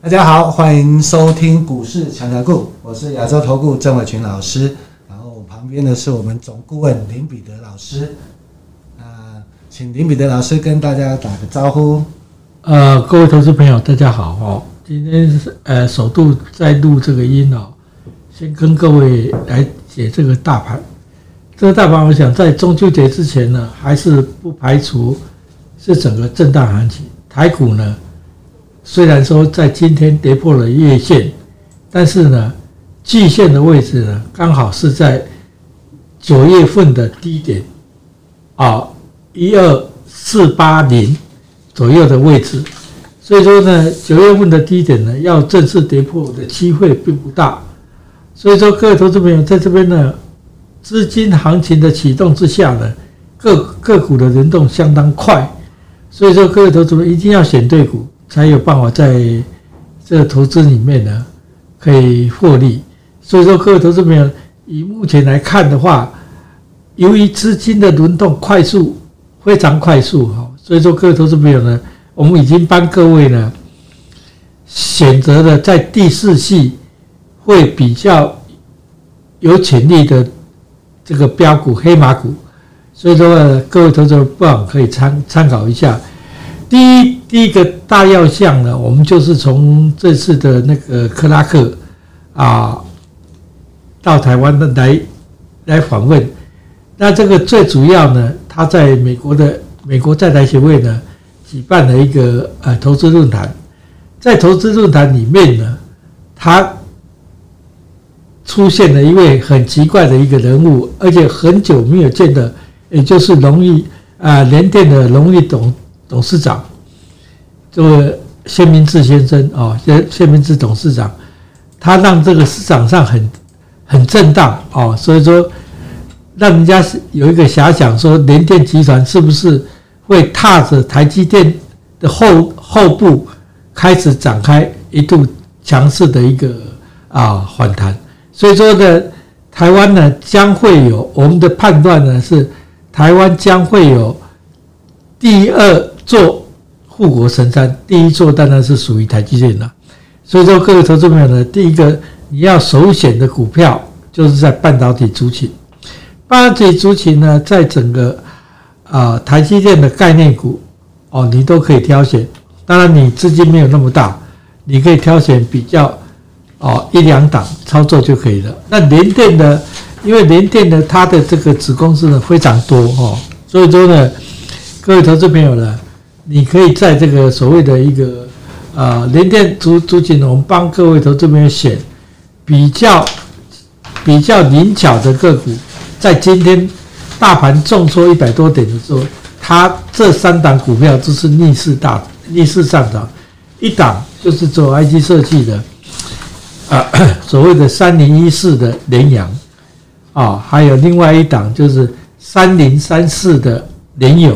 大家好，歡迎收聽股市強強滾，我是亞洲投顧鄭偉群老師，然後旁邊的是我們總顧問林彼得老師。呃，請林彼得老師跟大家打個招呼。呃，各位投資朋友，大家好，今天是呃首度在錄這個音哦，先跟各位來解這個大盤。這個大盤，我想在中秋節之前呢，還是不排除是整個震盪行情。台股呢，雖然說在今天跌破了月線，但是呢，季線的位置呢，剛好是在九月份的低點啊，一二四八零左右的位置，所以說呢，九月份的低點呢，要正式跌破的機會並不大。所以說，各位投資朋友，在這邊呢，資金行情的啟動之下呢，個個股的輪動相當快，所以說各位投資朋友一定要選對股。才有辦法在這個投資裡面呢，可以獲利。所以說，各位投資朋友，以目前來看的話，由於資金的輪動快速，非常快速哈。所以說，各位投資朋友呢，我們已經幫各位呢，選擇了在第四季會比較有潛力的這個標股、黑馬股。所以說，各位投資朋友不妨可以參參考一下。第一第一個大要項呢，我們就是從這次的那個克拉克啊到台灣的來來訪問。那這個最主要呢，他在美國的美國在台協會呢舉辦了一個呃、啊、投資論壇，在投資論壇裡面呢，他出現了一位很奇怪的一個人物，而且很久沒有見的，也就是榮譽啊聯電的榮譽董董事長，這個薛明志先生啊，薛、哦、薛明志董事長，他讓這個市場上很很震盪啊、哦，所以說，讓人家有一個遐想，想，說聯電集團是不是會踏着台積電的後後部，開始展開一度強勢的一個啊反彈，所以說呢，台灣呢將會有我們的判斷呢是，台灣將會有第二。做護國神山，第一座當然是屬於台積電了。所以說，各位投資朋友呢，第一個你要首選的股票就是在半導體族群。半導體族群呢，在整個啊、呃、台積電的概念股哦，你都可以挑選。當然，你資金沒有那麼大，你可以挑選比較哦一兩檔操作就可以了。那聯電呢，因為聯電呢它的這個子公司呢非常多哦，所以說呢，各位投資朋友呢。你可以在這個所謂的一個，呃，聯電主主景，我們幫各位從這邊選比較比較靈巧的個股。在今天大盤重挫一百多點的時候，它這三檔股票就是逆勢大、逆勢上漲。一檔就是做 IC 設計的，啊、呃，所謂的三零一四的聯陽，啊、哦，還有另外一檔就是三零三四的聯詠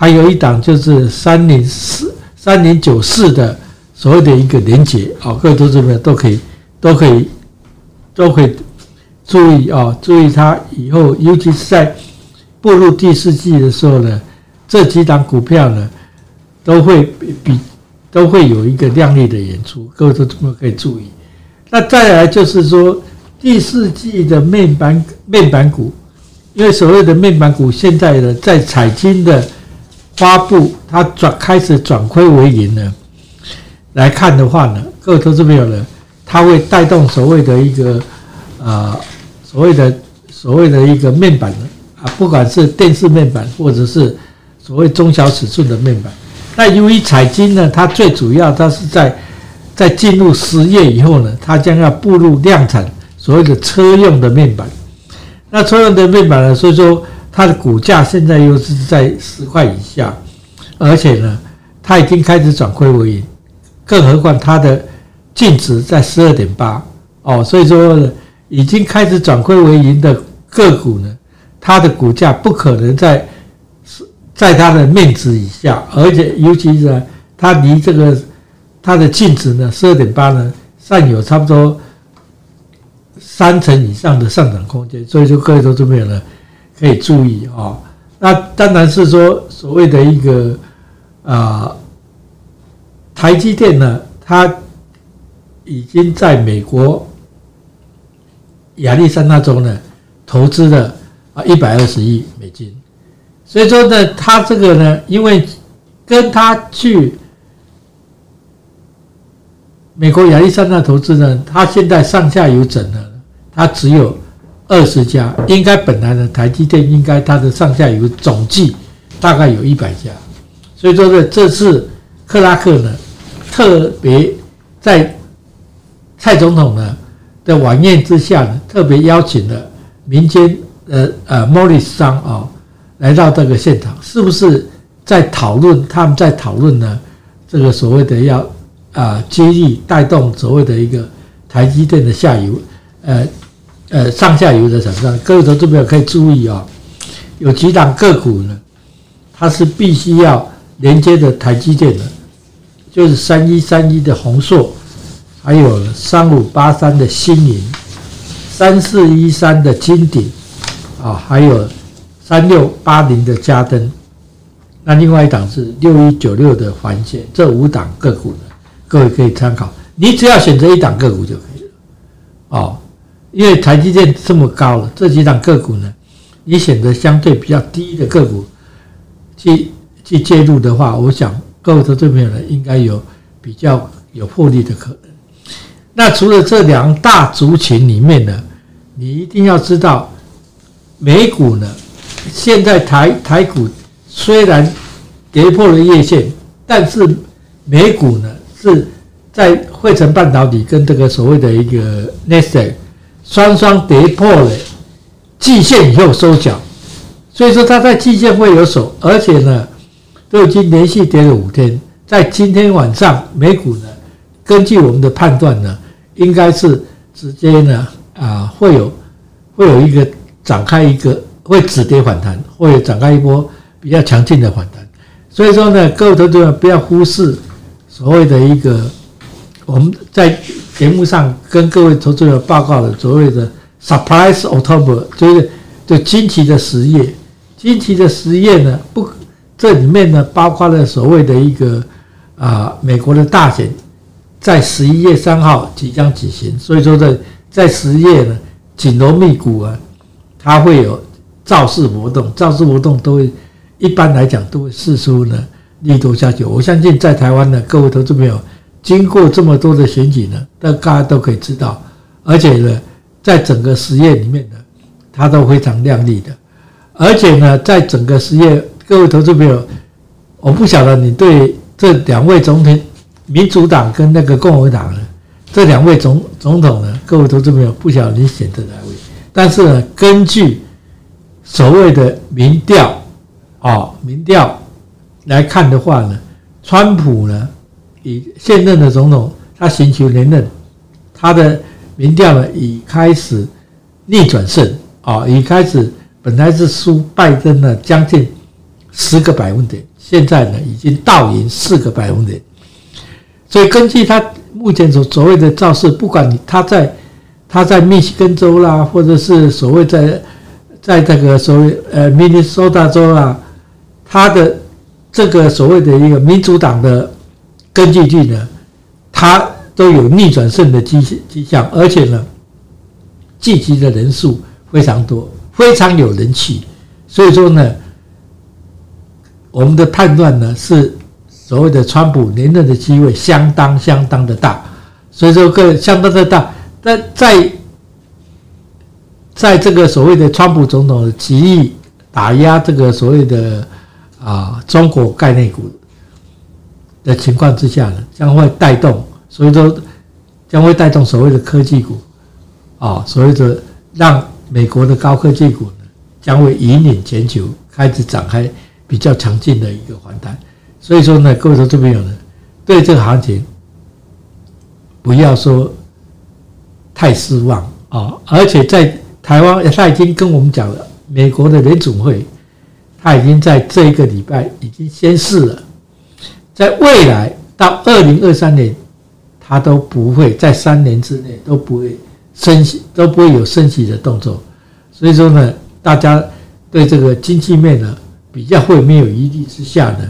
還有一檔就是三零四、三零九四的所謂的一個連接啊，各位同學們都可以、都可以、都可以注意啊、哦，注意它以後，尤其是在步入第四季的時候呢，這幾檔股票呢都會比都會有一個亮麗的演出，各位同學們可以注意。那再來就是說第四季的面板、面板股，因為所謂的面板股現在呢，在彩晶的。發布它轉開始轉虧為盈呢？來看的話呢，各位投資者朋友呢，它會帶動所謂的一個呃，所謂的所謂的一個面板呢啊，不管是電視面板或者是所謂中小尺寸的面板。那由於彩晶呢，它最主要它是在在進入實業以後呢，它將要步入量產所謂的車用的面板。那車用的面板呢，所以說。它的股價現在又是在十塊以下，而且呢，它已經開始轉虧為盈，更何況它的淨值在十二點八哦，所以說呢，已經開始轉虧為盈的個股呢，它的股價不可能在在它的面值以下，而且尤其是呢它離這個它的淨值呢十二點八呢，尚有差不多三成以上的上漲空間，所以說各位都是沒有了。可以注意啊，那當然是說所謂的一個呃，台積電呢，它已經在美國亞利桑那州呢投資了啊一百二十億美金，所以說呢，它這個呢，因為跟他去美國亞利桑那投資呢，它現在上下游整了，它只有。二十家應該本來呢，台積電應該它的上下游總計大概有一百家，所以說呢，這次克拉克呢特別在蔡總統呢的晚宴之下呢，特別邀請了民間呃呃莫利斯商啊、哦、來到這個現場，是不是在討論他們在討論呢？這個所謂的要啊、呃、接力帶動所謂的一個台積電的下游呃。呃，上下游的廠商，各位投資朋友可以注意啊、哦，有幾檔個股呢？它是必須要連接的台積電的，就是三一三一的宏碩，還有三五八三的新盈，三四一三的金鼎，啊、哦，還有三六八零的嘉登，那另外一檔是六一九六的環線，這五檔個股呢，各位可以參考，你只要選擇一檔個股就可以了，哦。因為台積電這麼高了，這幾檔個股呢，你選擇相對比較低的個股去去介入的話，我想各位投資朋友呢，應該有比較有獲利的可能。那除了這兩大族群裡面呢，你一定要知道，美股呢，現在台台股雖然跌破了月線，但是美股呢是在匯成半導體跟這個所謂的一個 Nasdaq 雙雙跌破了季線以後收腳，所以說它在季線會有守，而且呢都已經連續跌了五天，在今天晚上美股呢，根據我們的判斷呢，應該是直接呢啊、呃、會有會有一個展開一個會止跌反彈，會有展開一波比較強勁的反彈，所以說呢，各位投資者不要忽視所謂的一個我們在。節目上跟各位投資者報告的所謂的 “surprise October”，就是就驚奇的十月驚奇的十月呢，不，這裡面呢包括了所謂的一個啊，美國的大選在十一月三號即將舉行，所以說在在十月呢緊鑼密鼓啊，它會有造勢活動，造勢活動都會一般來講都會釋出呢力度下去。我相信在台灣呢，各位投資者朋友，經過這麼多的選舉呢，那大家都可以知道，而且呢，在整個實驗裡面呢，他都非常亮麗的，而且呢，在整個實驗，各位投資朋友，我不曉得你對這兩位總統，民主黨跟那個共和黨呢，這兩位總總統呢，各位投資朋友不曉得你選擇哪位，但是呢，根據所謂的民調啊、哦，民調來看的話呢，川普呢。以現任的總統，他尋求連任，他的民調呢已開始逆轉勝啊、哦，已開始本來是輸拜登的將近十個百分點，現在呢已經倒贏四個百分點。所以根據他目前所所謂的造勢，不管你他在他在密西根州啦，或者是所謂在在這個所謂呃明尼蘇達州啦，他的這個所謂的一個民主黨的。根據地呢，他都有逆轉勝的機跡象，而且呢，聚集的人數非常多，非常有人氣。所以說呢，我們的判斷呢是，所謂的川普連任的機會相當相當的大。所以說，個相當的大。但在，在這個所謂的川普總統極力打壓這個所謂的啊、呃、中國概念股。的情況之下呢，將會帶動，所以說將會帶動所謂的科技股啊、哦，所以說讓美國的高科技股呢，將會引領全球開始展開比較強勁的一個反彈。所以說呢，各位投資朋友呢，對這個行情不要說太失望啊、哦！而且在台灣，他已經跟我們講了，美國的聯準會他已經在這一個禮拜已經宣示了。在未來到二零二三年，它都不會在三年之內都不會升息，都不會有升息的動作。所以說呢，大家對這個經濟面呢比較會沒有疑慮之下呢，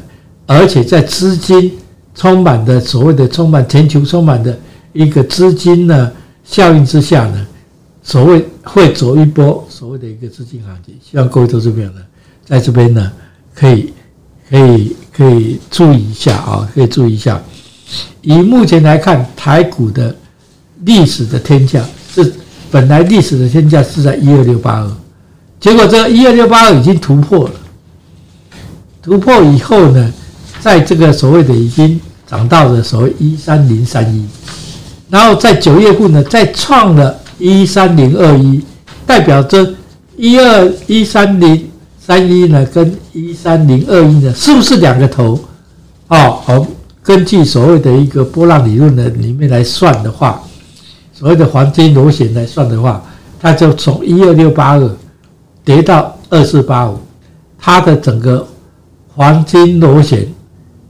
而且在資金充滿的所謂的充滿全球充滿的一個資金呢效應之下呢，所謂會走一波所謂的一個資金行情。希望各位投資朋友呢，在這邊呢可以可以。可以可以注意一下啊，可以注意一下。以目前來看，台股的歷史的天價是本來歷史的天價是在一二六八二，結果這一二六八二已經突破了。突破以後呢，在這個所謂的已經漲到了所謂一三零三一，然後在九月份呢再創了一三零二一，代表着一二一三零。三一呢，跟一三零二一呢，是不是兩個頭？哦，好，根據所謂的一個波浪理論的裡面來算的話，所謂的黃金螺旋來算的話，它就從一二六八二跌到二四八五，它的整個黃金螺旋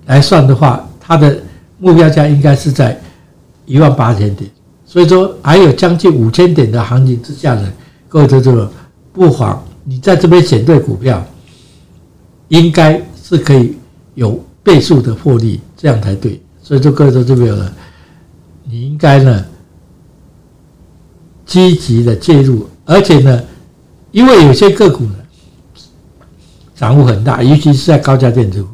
來算的話，它的目標價應該是在一萬八千點，所以說還有將近五千點的行情之下呢，各位投資不妨，你在這邊選對股票，應該是可以有倍數的獲利，這樣才對。所以說各位投資朋友呢，你應該呢積極的介入，而且呢，因為有些個股呢漲幅很大，尤其是在高價電子股。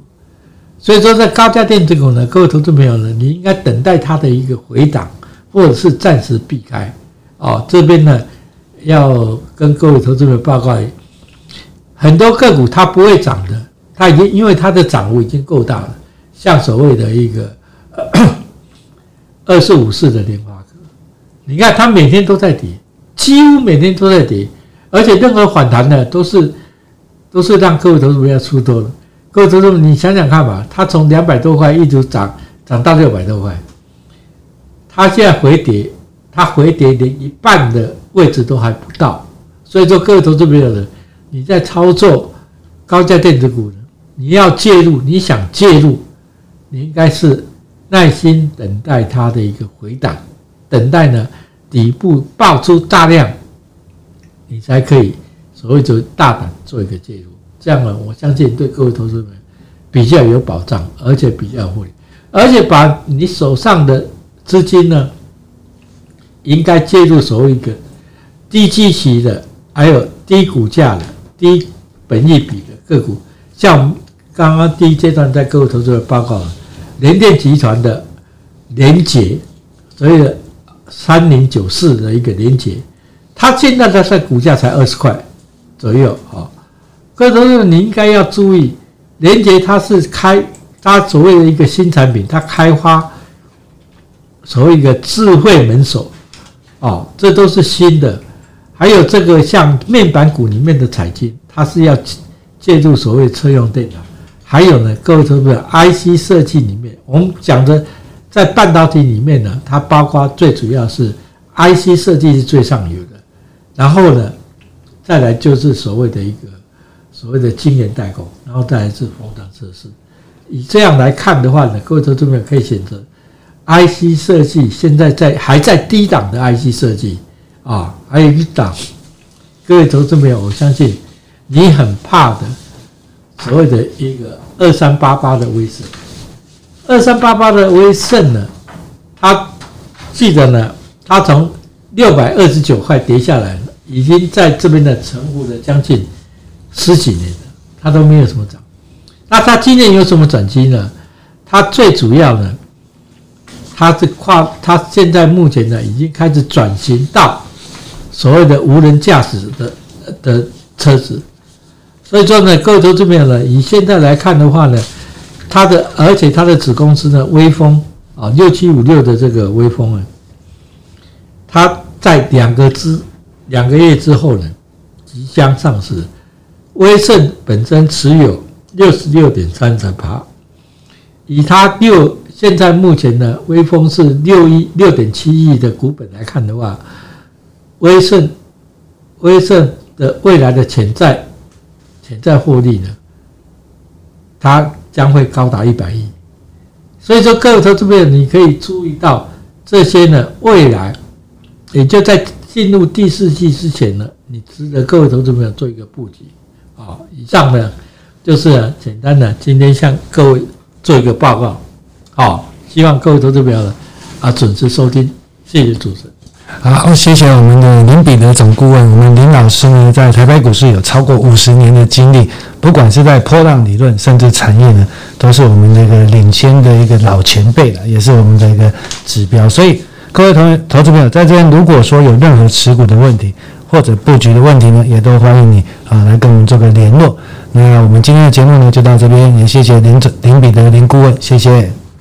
所以說，在高價電子股呢，各位投資朋友呢，你應該等待它的一個回檔，或者是暫時避開。哦，這邊呢，要跟各位投資朋友報告。很多個股它不會漲的，它已經因為它的漲幅已經夠大了。像所謂的一個二四五四的聯發科，你看它每天都在跌，幾乎每天都在跌，而且任何反彈呢都是都是讓各位投資朋友出多了。各位投資朋友你想想看吧，它從兩百多塊一直漲漲到六百多塊，它現在回跌，它回跌連一半的位置都還不到，所以說各位投資朋友你在操作高價電子股呢，你要介入，你想介入，你應該是耐心等待它的一個回檔，等待呢底部爆出大量，你才可以所謂的大膽做一個介入。這樣呢，我相信對各位投資者們比較有保障，而且比較合理，而且把你手上的資金呢，應該介入所謂一個低基期的，還有低股價的。第一，本益比的個股，像剛剛第一階段在各位投資的報告，聯電集團的聯捷，所謂的三零九四的一個聯捷，它現在它在股價才二十塊左右，好，各位投資你應該要注意，聯捷它是開，它所謂的一個新產品，它開發所謂一個智慧門鎖，哦，這都是新的。還有這個像面板股裡面的彩金，它是要借助所謂車用電的。還有呢，各位投資者，IC 設計裡面，我們講的在半導體裡面呢，它包括最主要是 IC 設計是最上游的，然後呢，再來就是所謂的一個所謂的晶圓代工，然後再來是封檔測試。以這樣來看的話呢，各位投資者可以選擇 IC 設計，現在在還在低檔的 IC 設計。啊，還有一檔，各位投資朋友，我相信你很怕的所謂的一個二三八八的威盛，二三八八的威盛呢，他記得呢，他從六百二十九塊跌下來已經在這邊呢沉浮了將近十幾年了，他都沒有什麼漲。那他今年有什麼轉機呢？他最主要的，他是跨，他現在目前呢已經開始轉型到。所謂的無人駕駛的的車子，所以說呢，貴州這邊呢，以現在來看的話呢，它的而且它的子公司呢，威鋒啊，六七五六的這個威鋒啊，它在兩個之兩個月之後呢，即將上市。威盛本身持有六十六點三三八，以它六現在目前呢，威鋒是六億六點七億的股本來看的話。威盛，威盛的未來的潛在潛在獲利呢，它將會高達一百億。所以說，各位投資朋友，你可以注意到這些呢，未來也就在進入第四季之前呢，你值得各位投資朋友做一個佈局啊。以上呢，就是簡單的今天向各位做一個報告，好，希望各位投資朋友呢，啊，準時收聽，謝謝主持人。好，謝謝我們的林彼得總顧問。我們林老師呢，在台北股市有超過五十年的經歷，不管是在波浪理論，甚至產業呢，都是我們那個領先的一個老前輩了，也是我們的一個指標。所以，各位同投，投資朋友，在這邊如果說有任何持股的問題，或者布局的問題呢，也都歡迎你啊、呃、來跟我們做個聯絡。那我們今天的節目呢，就到這邊，也謝謝林總林彼得林顧問，謝謝。